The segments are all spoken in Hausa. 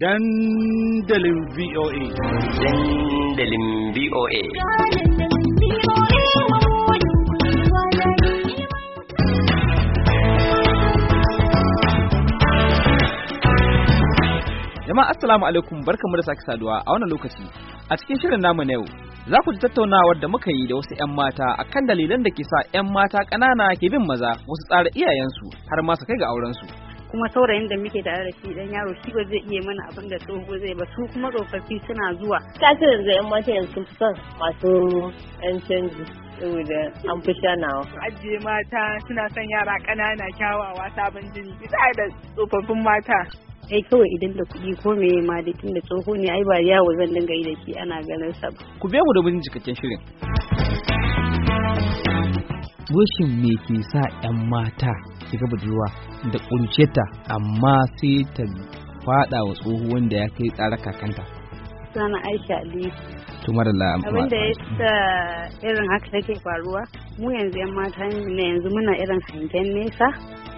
dandalin VOA. Dandalin VOA. Jama'a Assalamu alaikum barkamu da sake saduwa a wannan lokaci. A cikin shirin namu na yau, za ku ji tattaunawar da muka yi da wasu 'yan mata a kan dalilan da ke sa 'yan mata ƙanana ke bin maza wasu tsara iyayensu har ma su kai ga aurensu. kuma saurayin da muke tare da shi dan yaro shi ba zai iya mana abin da tsoho zai ba su kuma tsofaffi suna zuwa ce da yan mata yanzu sun fi son masu yan canji saboda an fi shanawa. Ajiye mata suna son yara ƙanana kyawawa sabon jini bisa da tsofaffin mata. ai eh, kawai idan da kuɗi ko me ma da tun da tsoho ne ai ba yawo zan dinga yi da shi ana ganin sa ba. Ku biya mu da mun cikakken shirin. Wishin me ke sa 'yan mata shiga budurwa da kunceta amma sai ta fada wa tsohuwan da ya kai tsara kakanta sana aisha ali tumar la abin da ya sa irin haka take faruwa mu yanzu yan mata ne yanzu muna irin hangen nesa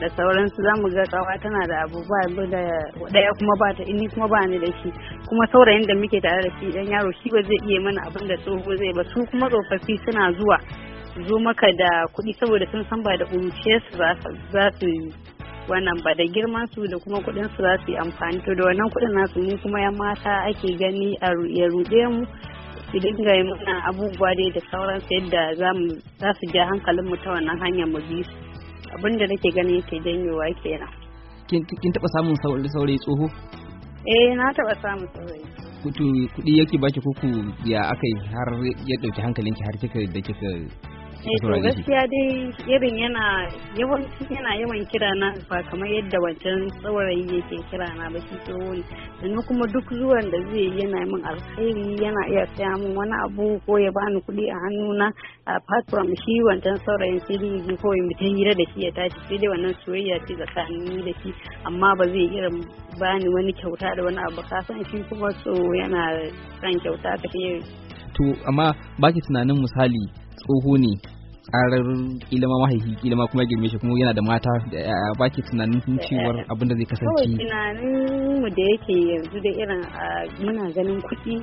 da sauransu za mu ga kawa tana da abubuwa da daya kuma ba ta ini kuma ba ni da shi kuma saurayin da muke tare da shi dan yaro shi ba zai iya mana abin da tsoho zai ba su kuma tsofaffi suna zuwa zo maka da kuɗi saboda sun san ba da ƙuruciyarsu za su wannan ba da girman su da kuma kuɗin su za su yi amfani to da wannan kuɗin nasu mu kuma yan mata ake gani a ya ruɗe mu su dinga yi mana abubuwa dai da sauran su yadda za su ja hankalin mu ta wannan hanyar mu bi su abin da nake gani yake janyowa kenan kin taɓa samun saurayi tsoho eh na taɓa samun saurayi kuɗi yake baki ku ya aka yi har ya ɗauki hankalinki har kika da kika Eh, gaskiya dai irin yana yawanci yana yawan kira na ba kamar yadda wancan saurayi yake kira na ba shi tsohon sannan kuma duk zuwan da zai yana min alkhairi yana iya saya min wani abu ko ya bani kuɗi a hannuna a platform shi wancan saurayin sai dai yi kawai mutum hira da shi ya tashi sai dai wannan soyayya ce tsakanin da shi amma ba zai irin bani wani kyauta da wani abu ka san shi kuma so yana son kyauta ka to amma baki tunanin misali tsoho ne karar ilima mahaifi ilima kuma girme shi kuma yana da mata da baki tunanin cewar abin da zai kasance kawai tunanin mu da yake yanzu da irin muna ganin kuɗi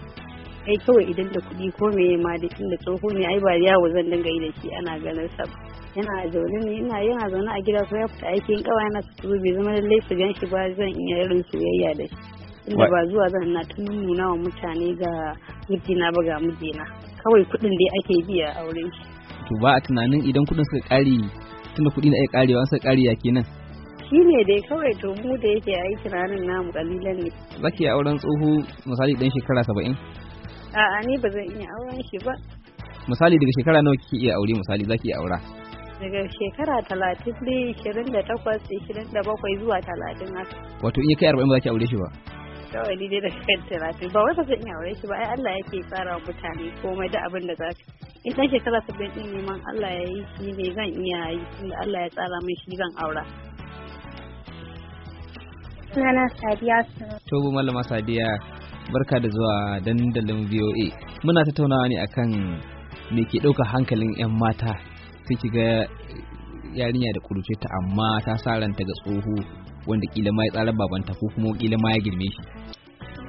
ai kawai idan da kuɗi ko me ma da inda tsoho ne ai ba yawo zan dinga yi da shi ana ganin sa yana zaune ne yana yana zaune a gida ko ya fita aikin kawai yana su bai zama lallai su gan shi ba zan iya irin soyayya da shi inda ba zuwa zan na tun nuna wa mutane ga mijina ba ga mijina kawai kuɗin dai ake biya aure shi to ba a tunanin idan kuɗin suka ƙare tunda kuɗi na iya ƙarewa suka kare ya kenan shi ne dai kawai to mu da yake a yi tunanin namu kalilan ne zaki auren tsoho misali ɗan shekara saba'in a'a ni ba zan iya auren shi ba misali daga shekara nawa kike iya aure misali zaki yi aura daga shekara talatin ne ishirin da takwas ishirin da bakwai zuwa talatin haka wato in ya kai arba'in ba za ki aure shi ba kawai ni dai da kan talatin ba wai ba zan iya aure shi ba ai Allah yake tsara wa mutane komai da abin da za ka in dan shekara ta din neman Allah ya yi shi ne zan iya yi tunda Allah ya tsara min shi zan aura sunana Sadiya Tobu Malama Sadiya barka da zuwa dandalin VOA muna tattaunawa ne akan me ke ɗaukar hankalin 'yan mata sai ki ga yarinya da kuruce ta amma ta sa ranta ga tsoho wanda kila ma ya tsara babanta ko kuma kila ma ya girme shi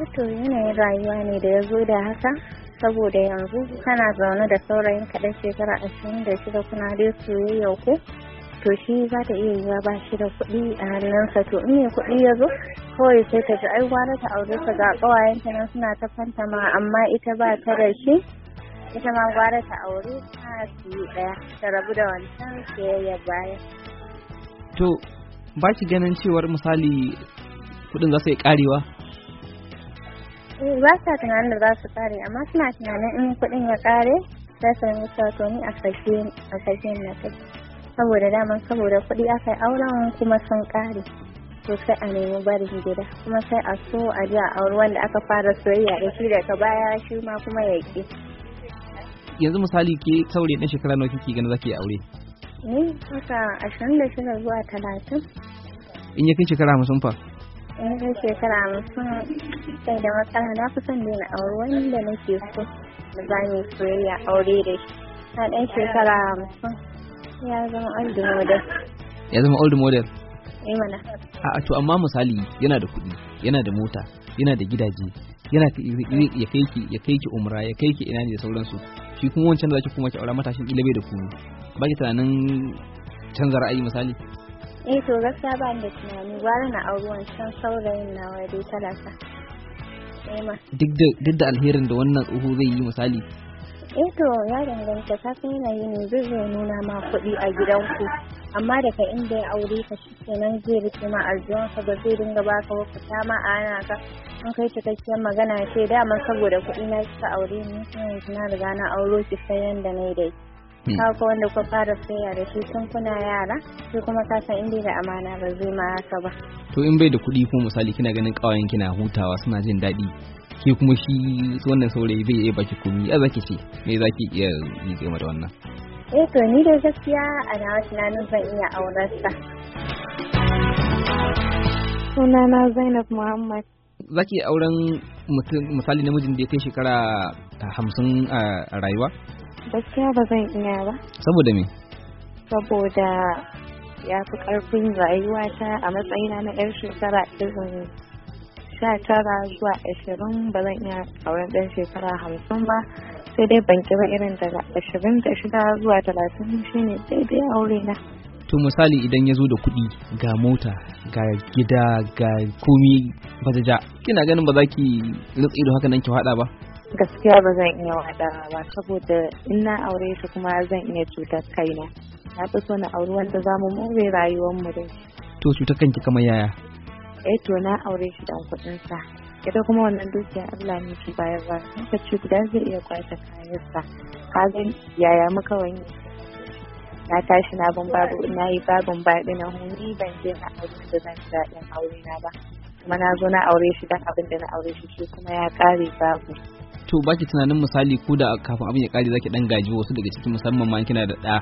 to yanayin rayuwa ne da ya zo da haka saboda yanzu kana zaune da saurayin kaɗan shekara ashirin da shida kuna dai soyayya ko to shi za ta iya yiwa ba shi da kuɗi a hannunsa to in ne kuɗi ya zo kawai sai ta ji ai gwara ta aure sa ga ƙawayenta nan suna ta fantama amma ita ba ta da shi ita ma gwara ta aure ta su yi ɗaya ta rabu da wancan soyayya baya. to ba ki ganin cewar misali kuɗin za su yi ƙarewa ba sa tunanin da za su kare amma suna tunanin in kuɗin ya kare za su rinka sato ni a sake na kai saboda daman saboda kuɗi aka yi auren kuma sun kare to sai a nemi barin gida kuma sai a so a ji a auren wanda aka fara soyayya da shi daga baya shi ma kuma ya ke. yanzu misali ke saurayi ɗan shekara nawa kike ganin zaki aure ni haka ashirin da shida zuwa talatin in ya kai shekara hamsin fa ɗan shekara hamsin sai da matsala na fi son daina aure wanda nake so da za mu soyayya aure da shi na ɗan shekara hamsin ya zama old model ya zama old model eh mana a to amma misali yana da kuɗi yana da mota yana da gidaje yana ya kai ki ya kai ki umra ya kai ki ina ne da sauransu shi kuma wancan da zaki kuma ki aura matashin ilibe da ku ba ki tunanin canza ra'ayi misali eh to gaskiya ba da tunani gwara na auri wancan saurayin nawa dai talaka eh duk da alherin da wannan tsoho zai yi misali eh to ya danganta ka san yanayi ne zai zo nuna ma kuɗi a gidanku amma daga inda ya aure ka shi kenan zai rike ma ka ba zai dinga baka wakata ma a ana ka an kai cikakkiyar magana ce dama saboda kuɗi na ka aure ni kuma yanzu na riga na auro ki sai yanda na yi dai Hmm. ka wanda kuma fara soyayya da shi sun kuna yara shi kuma ka san inda da amana ba zai ma haka ba to in bai da kuɗi ko misali kina ganin kawayen kina hutawa suna jin daɗi ke kuma shi wannan saurayi bai yi baki komi a zaki ce me zaki iya yi game da wannan eh to ni da gaskiya a nawa tunanin zan iya aurarsa sunana Zainab Muhammad zaki auren misali namijin da ya kai shekara hamsin a rayuwa gaskiya ba zan iya ba saboda me saboda ya fi karfin rayuwata a matsayina na yar shekara irin sha tara zuwa ashirin ba zan iya auren ɗan shekara hamsin ba sai dai ban kira irin daga ashirin da shida zuwa talatin shine daidai aure na to misali idan ya zo da kuɗi ga mota ga gida ga komi ba ja kina ganin ba za ki rutsi da haka nan ki faɗa ba gaskiya ba zan iya wada ba saboda in na aure shi kuma zan iya cutar kaina na fi so na auri wanda za mu more rayuwar mu dai to cutar kanki kamar yaya eh to na aure shi dan kuɗin sa ita kuma wannan dukiyar Allah ne ke bayar ba ka ce guda zai iya kwace kayan sa ka ga yaya muka wani na tashi na ban babu na yi babun baɗi na huni ban je na aure da zan ji daɗin aure na ba kuma na zo na aure shi dan abin da na aure shi shi kuma ya ƙare babu to ba ki tunanin misali ko da kafin abin ya kare zaki dan gaji wasu daga cikin musamman ma kina da ɗa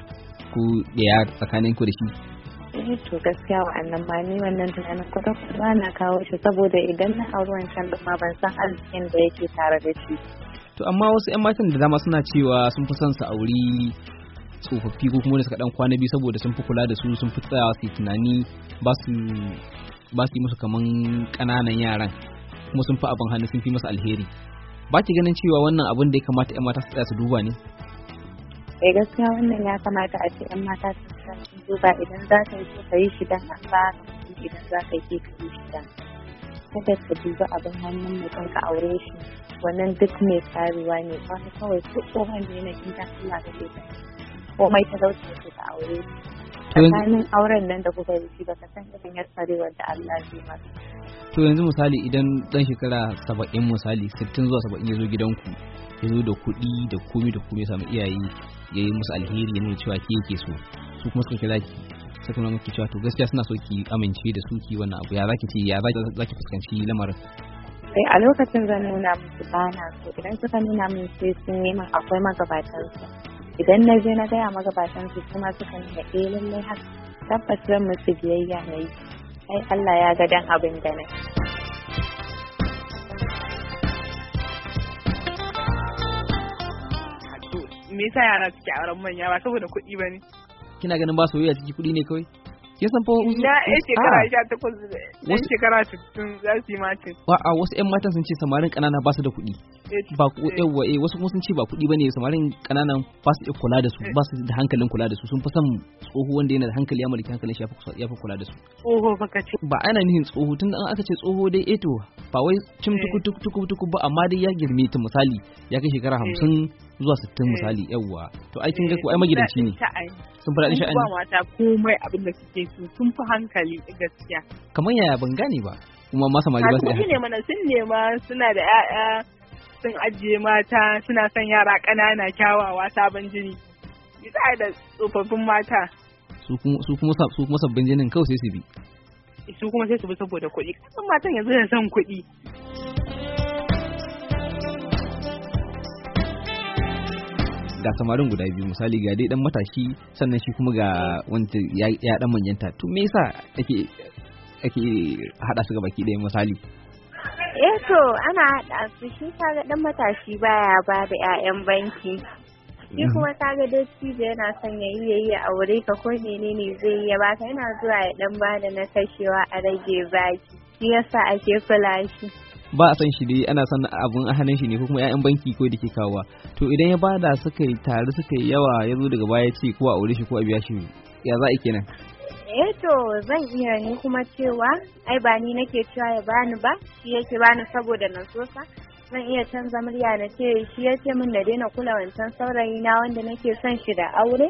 ko ɗaya tsakanin ku da shi eh to gaskiya wa'annan ma ni wannan tunanin kwata kwata na kawo shi saboda idan na auri wancan da ma ban san arzikin da yake tare da shi to amma wasu yan matan da dama suna cewa sun fi son su auri tsofaffi ko kuma da suka dan kwana biyu saboda sun fi kula da su sun fi tsayawa su yi tunani ba su ba su yi musu kaman ƙananan yaran kuma sun fi abin hannu sun fi musu alheri ba ki ganin cewa wannan abin da ya kamata 'yan mata su tsaya su duba ne eh gaskiya wannan ya kamata a ce 'yan mata su tsaya su duba idan za ka yi so ka yi shi dan Allah idan za ka yi ka yi shi dan kada ka duba abin hannun mutum ka aure shi wannan duk mai tsaruwa ne kawai ko tsohon ne gida suna ka ke komai talauci ka aure shi tsakanin auren nan da kuka yi ba ka san irin da Allah zai masa to yanzu misali idan dan shekara saba'in misali sittin zuwa saba'in ya zo gidanku ya zo da kuɗi da komi da komi samu iyaye ya yi musu alheri ya nuna cewa ke yake so su kuma suka kira ki suka nuna muke cewa to gaskiya suna so ki amince da su ki wannan abu ya zaki ce ya zaki fuskanci lamarin sai eh, a lokacin zan nuna musu bana so idan suka nuna min sai sun yi min akwai magabatansu. su idan na je na gaya magabatan su kuma suka da eh lallai haka tabbas musu biyayya na yi ai Allah ya ga dan abin da na me yasa yara suke auren manya ba saboda kuɗi ba ne kina ganin ba soyayya ciki kuɗi ne kawai kin san fa na yan shekara ah. sha takwas ya shekara sittin za su yi mata a wasu yan matan sun ce samarin kanana ba su da kuɗi eh, ba ku eh. yawa eh wasu kuma sun ce ba kuɗi bane samarin kananan ba su kula da su eh. ba su da hankalin kula da su sun fi san tsoho wanda yana da hankali ya mallaki hankalin shi ya fi kula da su tsoho fa ce. ba ana nihin tsoho tunda an aka ce tsoho dai eto. ba wai cin eh. tuku tuku ba amma dai ya girme ta misali ya kai shekara eh. hamsin zuwa sittin eh. misali yawwa to aikin gaku ai magidanci ne sun fara sha'ani ba mata komai abin da suke so sun fi hankali gaskiya kamar yaya ban gane ba kuma ma samari ba su ne mana sun nema suna da ƴaƴa sun ajiye mata suna son yara ƙanana kyawawa sabon jini yi da tsofaffin mata su kuma sabbin jinin kawai sai su bi su kuma sai su bi saboda kuɗi kasan matan yanzu da son kuɗi ga samarin guda biyu misali ga dai dan matashi sannan shi kuma ga wanda ya dan manyanta to me yasa ake ake hada su ga baki ɗaya misali eh to ana haɗa su shi ga dan matashi baya ba da 'ya'yan banki shi mm-hmm. kuma kaga da yana son ya yi yayi a aure ka ko menene zai yi ya baka yana zuwa ya dan bada na kashewa a rage baki shi yasa ake kula shi ba a san shi dai ana son abun a hannun shi ne ko kuma ƴaƴan banki ko da ke kawowa to idan ya bada suka yi tare suka yi yawa ya zo daga baya ce ko a aure shi ko a biya shi ya za a kenan eh to zan iya ni kuma cewa ai ba ni nake cewa ya bani ba shi yake bani saboda na sosa. zan iya canza murya na ce shi ya ce min na daina kula wancan saurayi na wanda nake son shi da aure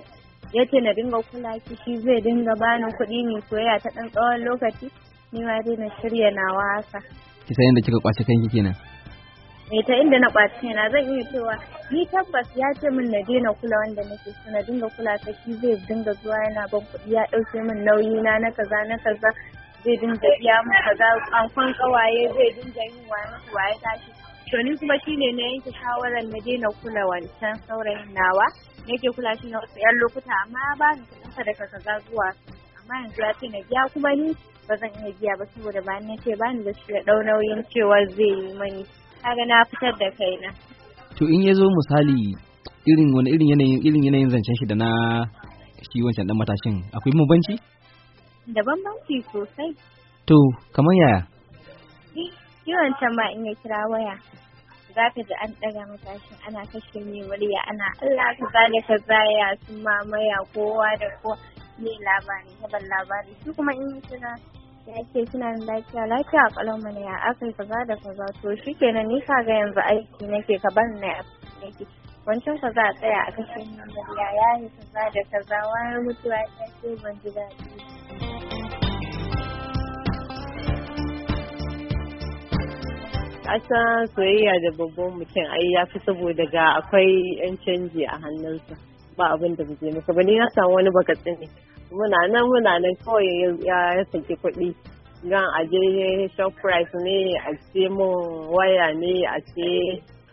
ya ce na dinga kula ki shi zai dinga bani kuɗi ne soyayya ta ɗan tsawon lokaci ni ma dai na shirya na wasa. ki san yadda kika kwace kanki kenan. me eh, ta inda na kwace kenan zan iya cewa ni tabbas ya ce min na daina kula wanda nake so na dinga kula ta shi zai dinga zuwa yana ban kuɗi ya ɗauke min nauyi na na kaza na kaza zai dinga biya mu kaza an kwan kawaye zai dinga yin wani waye tashi Toni kuma shine na yanke shawarar na daina kula wancan saurayin nawa na ke kula shi na wasu 'yan lokuta amma ya bani kuɗin daga kaza zuwa amma yanzu ya ce na biya kuma ni ba zan iya biya ba saboda ba ni ce ba ni da shi ya ɗau nauyin cewa zai yi mani kaga na fitar da kaina. To in ya zo misali irin wani irin yanayin irin yanayin zancen shi da na shi wancan dan matashin akwai mu banci? Da bambanci sosai. To kamar yaya? Kiwon can ma in ya kira waya za ka ji an ɗaga matashin ana kashe mai murya ana Allah ka zane ka zaya sun mamaya kowa da kowa ne labari yaban labari shi kuma in yi kira ya ke kina da lafiya lafiya a ƙalau mana ya yi kaza da kaza to shi kenan nan nisa ga yanzu aiki nake ka bar na aiki wancan kaza a tsaya a kashe mai murya ya yi kaza da kaza wani mutuwa ya ce ban ji daɗi. ƙasa soyayya da babban mutum ai ya fi saboda ga akwai 'yan canji a hannunsa ba abin da bai masa ba ni na samu wani baka tsini muna nan muna nan kawai ya saki kuɗi gan aje shop price ne a ce mun waya ne a ce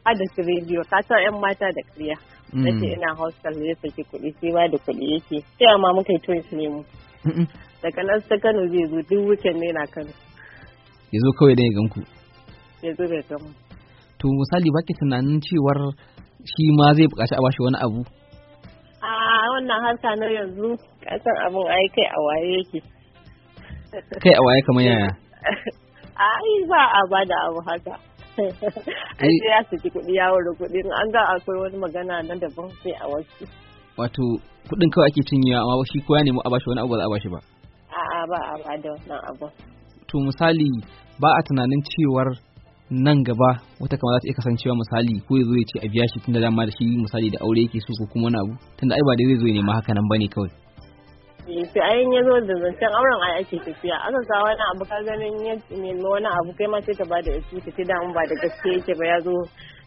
hada rediyo ka san 'yan mata da kariya mm. na ce ina hostel ya saki kuɗi sai ba da kuɗi yake sai amma muka yi twins ne mu daga nan ta kano zai zo duk ne na kano ya zo kawai dan ganku ya zube to misali baki tunanin cewar shi ma zai bukaci a bashi wani abu a wannan harka na yanzu kasan abin ai kai a waye yake kai a waye kamar yaya ai ba a ba da abu haka ai sai ya eh. saki kuɗi yawo da kuɗi an ga akwai wani magana na daban sai a wasu wato kuɗin kawai ake cinyewa amma shi ko ya nemi a bashi wani abu ba za a bashi ba a'a ba a ba da wannan abu to misali ba a tunanin cewar nan gaba wata kama za ta iya kasancewa misali ko ya zo ya ce a biya shi da dama da shi misali da aure yake so ko kuma wani abu tunda ai ba da zai zo ya nema haka nan bane kawai eh, sai ayin ya zo da zancen auren ai ake tafiya aka sa wani abu ka ganin ya nemi wani abu kai ma sai ka ba da ka ta da ba da gaske yake ba ya zo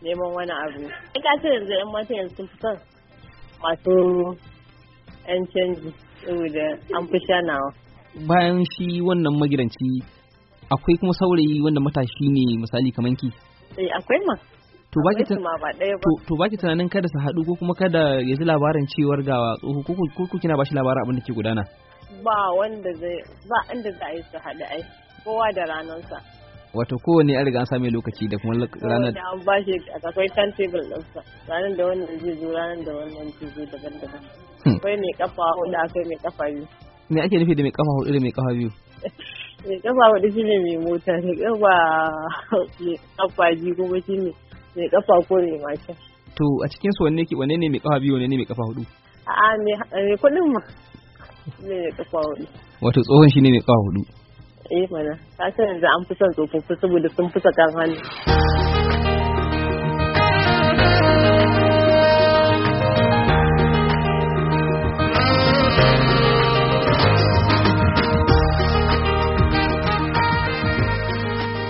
neman wani abu ai ka ce yanzu yan mata yanzu sun fi son masu yan canji saboda an fi shanawa bayan shi wannan magidanci akwai kuma saurayi wanda matashi ne misali kamar ki eh akwai ma to baki to baki tunanin kada su haɗu ko kuma kada ya ji labarin cewar ga tsoho ko ko kina bashi labarin abin da ke gudana ba wanda zai ba inda za a yi su haɗu ai kowa da ranansa wato kowane ya riga an same lokaci da kuma ranar da an bashi akwai timetable ɗinsa ranar da wannan zai zo ranar da wannan zai zo daban-daban hmm. akwai mai kafa hudu akwai mai kafa biyu me ake nufi da mai kafa hudu da mai kafa biyu mai kafa wadda shi ne mai mota mai ƙafa mai kafa ji kuma shi ne mai ƙafa ko mai mashin. to a cikin su wanne wanne ne mai ƙafa biyu wanne ne mai ƙafa hudu A'a mai kudin ma mai kafa hudu wato tsohon shi ne mai ƙafa hudu eh mana ta san yanzu an fi son tsofaffi saboda sun fi sakan hannu